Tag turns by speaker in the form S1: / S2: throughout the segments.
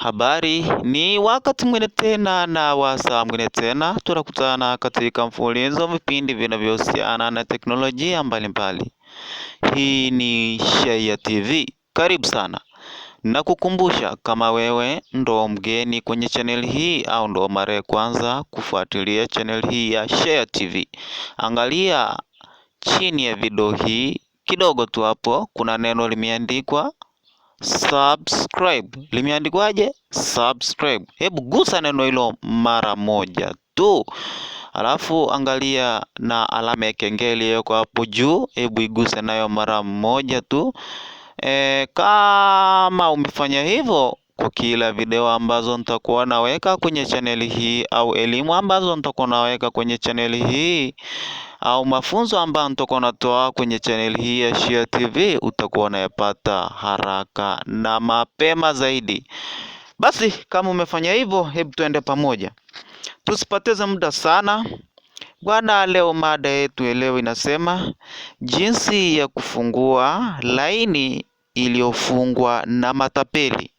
S1: Habari ni wakati mwingine tena na wasaa mwingine tena tunakutana katika mfululizo vipindi vinavyohusiana na teknolojia mbalimbali. Hii ni Shayia TV, karibu sana na kukumbusha, kama wewe ndo mgeni kwenye chaneli hii au ndo mara ya kwanza kufuatilia chaneli hii ya Shayia TV, angalia chini ya video hii kidogo tu hapo kuna neno limeandikwa subscribe limeandikwaje? Subscribe. Hebu gusa neno hilo mara moja tu, alafu angalia na alama ya kengele iliyoko hapo juu, hebu iguse nayo mara moja tu. E, kama umefanya hivyo kwa kila video ambazo nitakuwa naweka kwenye chaneli hii au elimu ambazo nitakuwa naweka kwenye chaneli hii au mafunzo ambayo nitakuwa natoa kwenye channel hii ya Shia TV utakuwa unayapata haraka na mapema zaidi. Basi kama umefanya hivyo, hebu tuende pamoja, tusipoteze muda sana bwana. Leo mada yetu leo inasema jinsi ya kufungua laini iliyofungwa na matapeli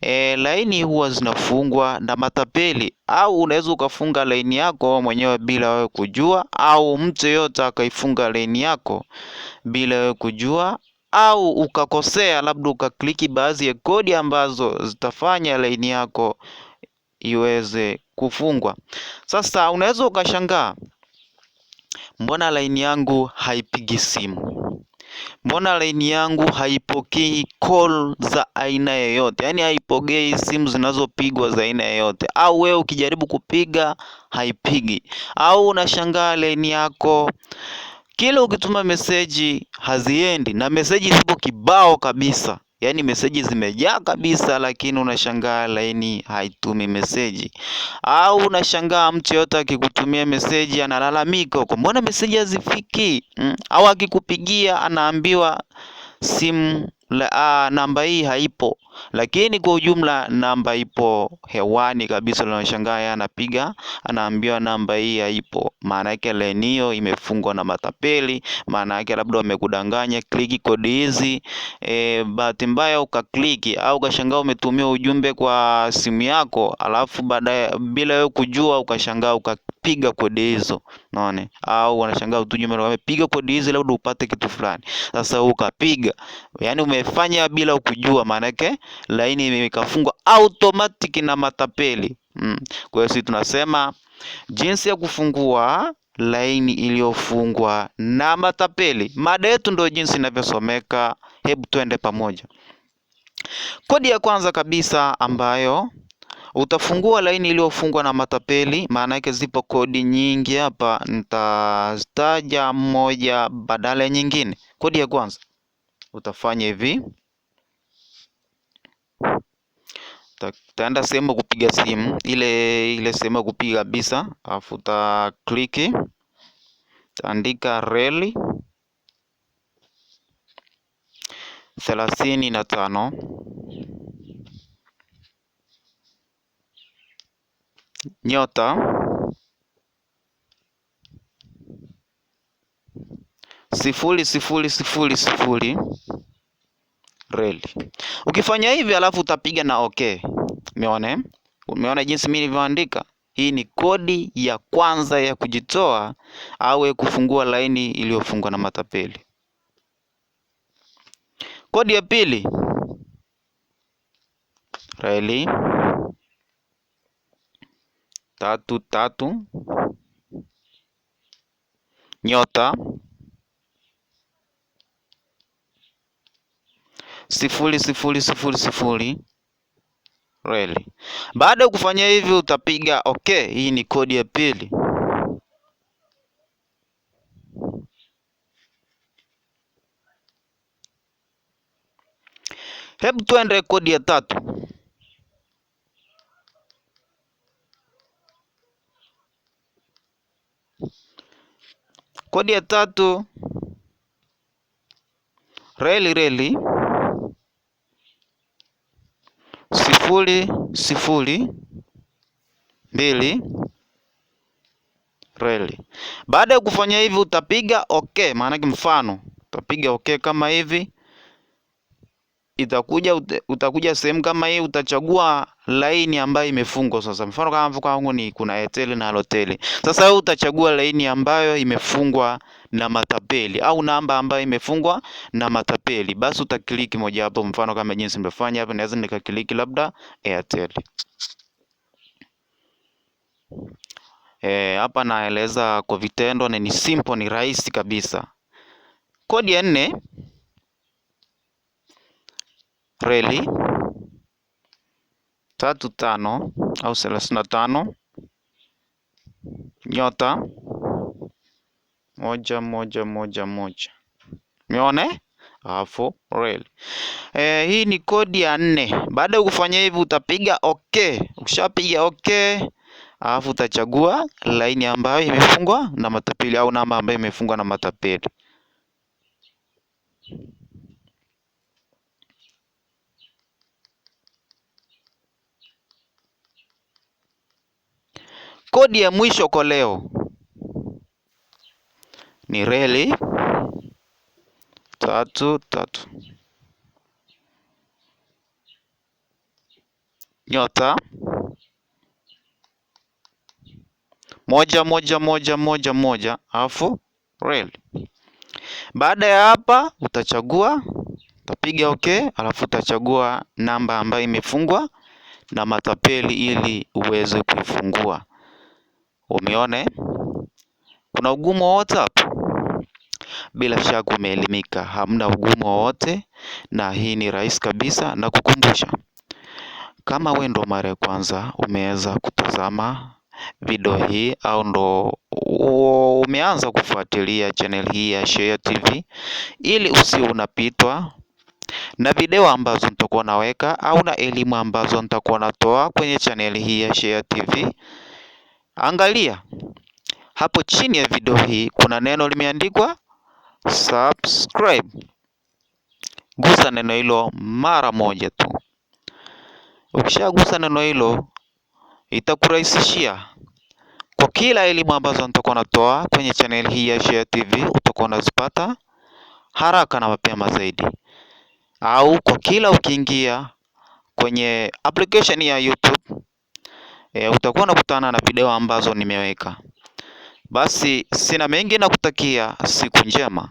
S1: e, laini huwa zinafungwa na matapeli, au unaweza ukafunga laini yako mwenyewe bila wewe kujua, au mtu yeyote akaifunga laini yako bila wewe kujua, au ukakosea labda ukakliki baadhi ya kodi ambazo zitafanya laini yako iweze kufungwa. Sasa unaweza ukashangaa, mbona laini yangu haipigi simu? mbona line yangu haipokei call za aina yoyote? Yaani haipokei simu zinazopigwa za aina yoyote, au wewe ukijaribu kupiga haipigi, au unashangaa line yako kila ukituma meseji haziendi, na meseji zipo kibao kabisa yaani meseji zimejaa kabisa, lakini unashangaa laini haitumi meseji, au unashangaa mtu yoyote akikutumia meseji analalamika huko, mbona meseji hazifiki? Mm, au akikupigia anaambiwa simu la, a, ah, namba hii haipo, lakini kwa ujumla namba ipo hewani kabisa. Linashangaa yeye anapiga anaambiwa namba hii haipo, maana yake laini hiyo imefungwa na matapeli, maana yake labda wamekudanganya, kliki kodi hizi e, bahati mbaya ukakliki au ukashangaa umetumia ujumbe kwa simu yako, alafu baadaye bila wewe kujua ukashangaa uka piga kodi hizo, unaona, au wanashangaa nyuma wamepiga kodi hizo labda upate kitu fulani. Sasa ukapiga, yani umefanya bila kujua, maanake laini ikafungwa automatic na matapeli mm. Kwa hiyo sisi tunasema jinsi ya kufungua laini iliyofungwa na matapeli. Mada yetu ndio jinsi inavyosomeka. Hebu twende pamoja. Kodi ya kwanza kabisa ambayo Utafungua laini iliyofungwa na matapeli, maana yake zipo kodi nyingi hapa, nitazitaja moja badala ya nyingine. Kodi ya kwanza utafanya hivi, utaenda sehemu kupiga simu, ile ile sehemu ya kupiga kabisa, alafu uta kliki, utaandika reli thelathini na tano nyota, sifuri sifuri sifuri sifuri reli. Ukifanya hivi alafu utapiga na okay. Umeona? Eh? Umeona jinsi mimi nilivyoandika? Hii ni kodi ya kwanza ya kujitoa au kufungua laini iliyofungwa na matapeli. Kodi ya pili reli tatu tatu nyota sifuri sifuri sifuri sifuri reli. Baada ya kufanya hivi utapiga okay. Hii ni kodi ya pili. Hebu tuende kodi ya tatu. Kodi ya tatu reli reli sifuri sifuri mbili reli. Baada ya kufanya hivi utapiga ok maanake mfano utapiga ok kama hivi, itakuja utakuja sehemu kama hii, utachagua laini ambayo imefungwa sasa. Mfano kama hapo kwangu ni kuna Airtel na Halotel. Sasa wewe utachagua laini ambayo imefungwa na matapeli au namba ambayo imefungwa na matapeli, basi utakliki moja hapo, mfano kama jinsi nimefanya hapa, naweza nikakliki labda Airtel. Eh, hapa naeleza kwa vitendo na ni simple, ni rahisi kabisa. Kodi ya nne reli tatu tano au thelathini na tano nyota moja moja moja moja mione hapo reli eh, hii ni kodi ya nne. Baada ya kufanya hivi utapiga ok Ukishapiga ok alafu utachagua laini ambayo imefungwa na matapeli au namba ambayo imefungwa na matapeli. Kodi ya mwisho kwa leo ni reli tatu tatu nyota moja moja moja moja moja alafu reli. Baada ya hapa utachagua utapiga ok alafu utachagua namba ambayo imefungwa na matapeli ili uweze kuifungua. Umeona Kuna ugumu wowote hapo? Bila shaka umeelimika, hamna ugumu wowote na hii ni rahisi kabisa na kukumbusha. Kama wewe ndo mara ya kwanza umeweza kutazama video hii au ndo umeanza kufuatilia channel hii ya Shayia TV ili usio unapitwa na video ambazo nitakuwa naweka au na elimu ambazo nitakuwa natoa kwenye channel hii ya Shayia TV. Angalia hapo chini ya video hii kuna neno limeandikwa subscribe. Gusa neno hilo mara moja tu. Ukishagusa neno hilo itakurahisishia kwa kila elimu ambazo nitakuwa natoa kwenye channel hii ya Shayia TV, utakuwa unazipata haraka na mapema zaidi, au kwa kila ukiingia kwenye application ya YouTube e, utakuwa unakutana na video ambazo nimeweka. Basi sina mengi na kutakia siku njema.